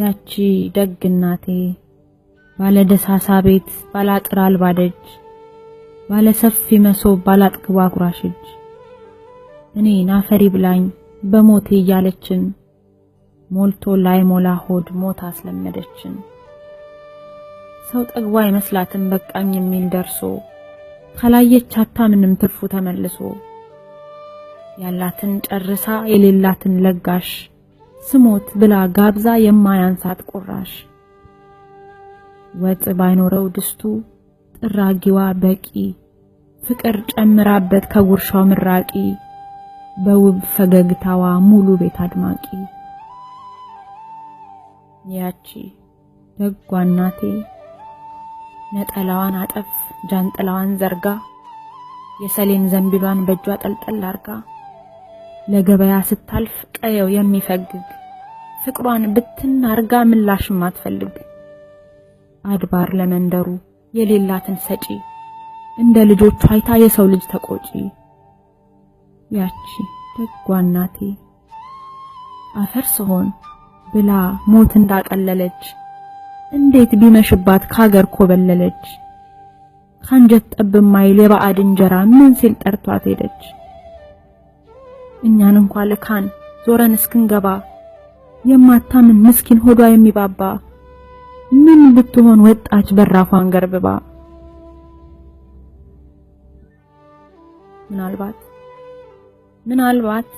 ያቺ ደግ እናቴ ባለ ደሳሳ ቤት ባላጥር አልባ ደጅ ባለ ሰፊ መሶብ ባላጥግባ አጉራሽ እጅ እኔ ናፈሪ ብላኝ በሞቴ እያለችን ሞልቶ ላይ ሞላ ሆድ ሞት አስለመደችን። ሰው ጠግቧ አይመስላትም በቃኝ የሚል ደርሶ ካላየች ምንም ትርፉ ተመልሶ ያላትን ጨርሳ የሌላትን ለጋሽ ስሞት ብላ ጋብዛ የማያንሳት ቁራሽ ወጥ ባይኖረው ድስቱ ጥራጊዋ በቂ ፍቅር ጨምራበት ከጉርሻው ምራቂ በውብ ፈገግታዋ ሙሉ ቤት አድማቂ ያቺ ደጓ እናቴ ነጠላዋን አጠፍ ጃንጥላዋን ዘርጋ የሰሌን ዘንቢሏን በእጇ ጠልጠል አርጋ ለገበያ ስታልፍ ቀየው የሚፈግግ ፍቅሯን ብትን አርጋ ምላሽ አትፈልግ አድባር ለመንደሩ የሌላትን ሰጪ እንደ ልጆቹ አይታ የሰው ልጅ ተቆጪ ያቺ ደጓ እናቴ አፈር ስሆን ብላ ሞት እንዳቀለለች እንዴት ቢመሽባት ካገር ኮበለለች ካንጀት ጠብ ማይል የባዕድ እንጀራ ምን ሲል ጠርቷት ሄደች። እኛን እንኳ ልካን ዞረን እስክንገባ የማታምን ምስኪን ሆዷ የሚባባ ምን ብትሆን ወጣች በራፏን ገርብባ። ምናልባት ምናልባት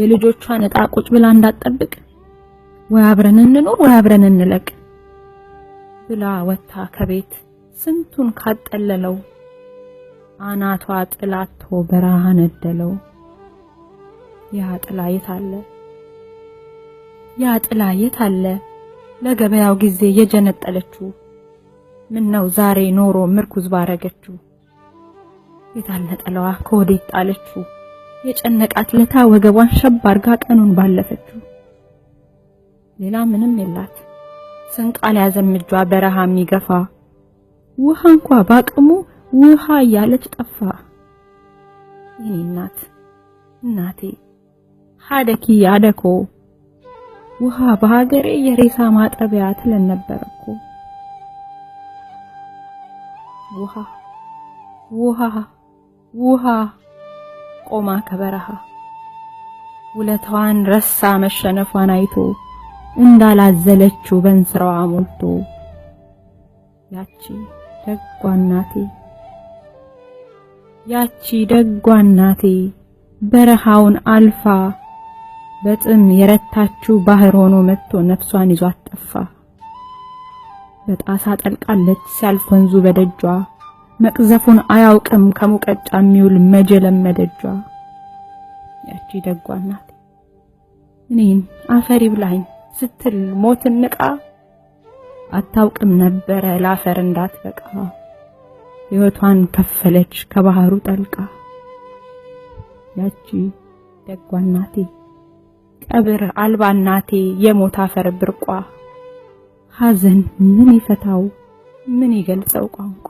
የልጆቿን ዕጣ ቁጭ ብላ እንዳትጠብቅ ወይ አብረን እንኖር ወይ አብረን እንለቅ ብላ ወታ ከቤት ስንቱን ካጠለለው አናቷ ጥላቶ በረሃ ነደለው። ያ ጥላ የት አለ? ያ ጥላ የት አለ? ለገበያው ጊዜ የጀነጠለችው ምን ነው ዛሬ ኖሮ ምርኩዝ ባረገችው። የታለ ጥላዋ ከወዴት ጣለችው? የጨነቃት ለታ ወገቧን ሸብ አርጋ ቀኑን ባለፈችው። ሌላ ምንም የላት ስንቅ አልያዘም እጇ በረሃ የሚገፋ ውሃ እንኳ ባቅሙ ውሃ እያለች ጠፋ። ይኔ እናት እናቴ ሀደኪ ያደኮ ውሃ በሀገሬ የሬሳ ማጠቢያ ትለን ነበረኮ ውሃ ውሃ ውሃ ቆማ ከበረሃ ውለታዋን ረሳ መሸነፏን አይቶ እንዳላዘለችው በንስራዋ ሞልቶ ያቺ ደጓ እናቴ ያቺ ደጓ እናቴ በረሃውን አልፋ በጥም የረታችው ባህር ሆኖ መጥቶ ነፍሷን ይዞ አጠፋ በጣሳ ጠልቃለች ሲያልፍ ወንዙ በደጇ መቅዘፉን አያውቅም ከሙቀጫ የሚውል መጀለም መደጇ ያቺ ደጓ ናት እኔን አፈሪ ብላኝ ስትል ሞትን ንቃ አታውቅም ነበረ ለአፈር እንዳትበቃ ሕይወቷን ከፈለች ከባህሩ ጠልቃ ያቺ ደጓ ቀብር አልባ እናቴ የሞት አፈር ብርቋ ሐዘን ምን ይፈታው ምን ይገልጸው ቋንቋ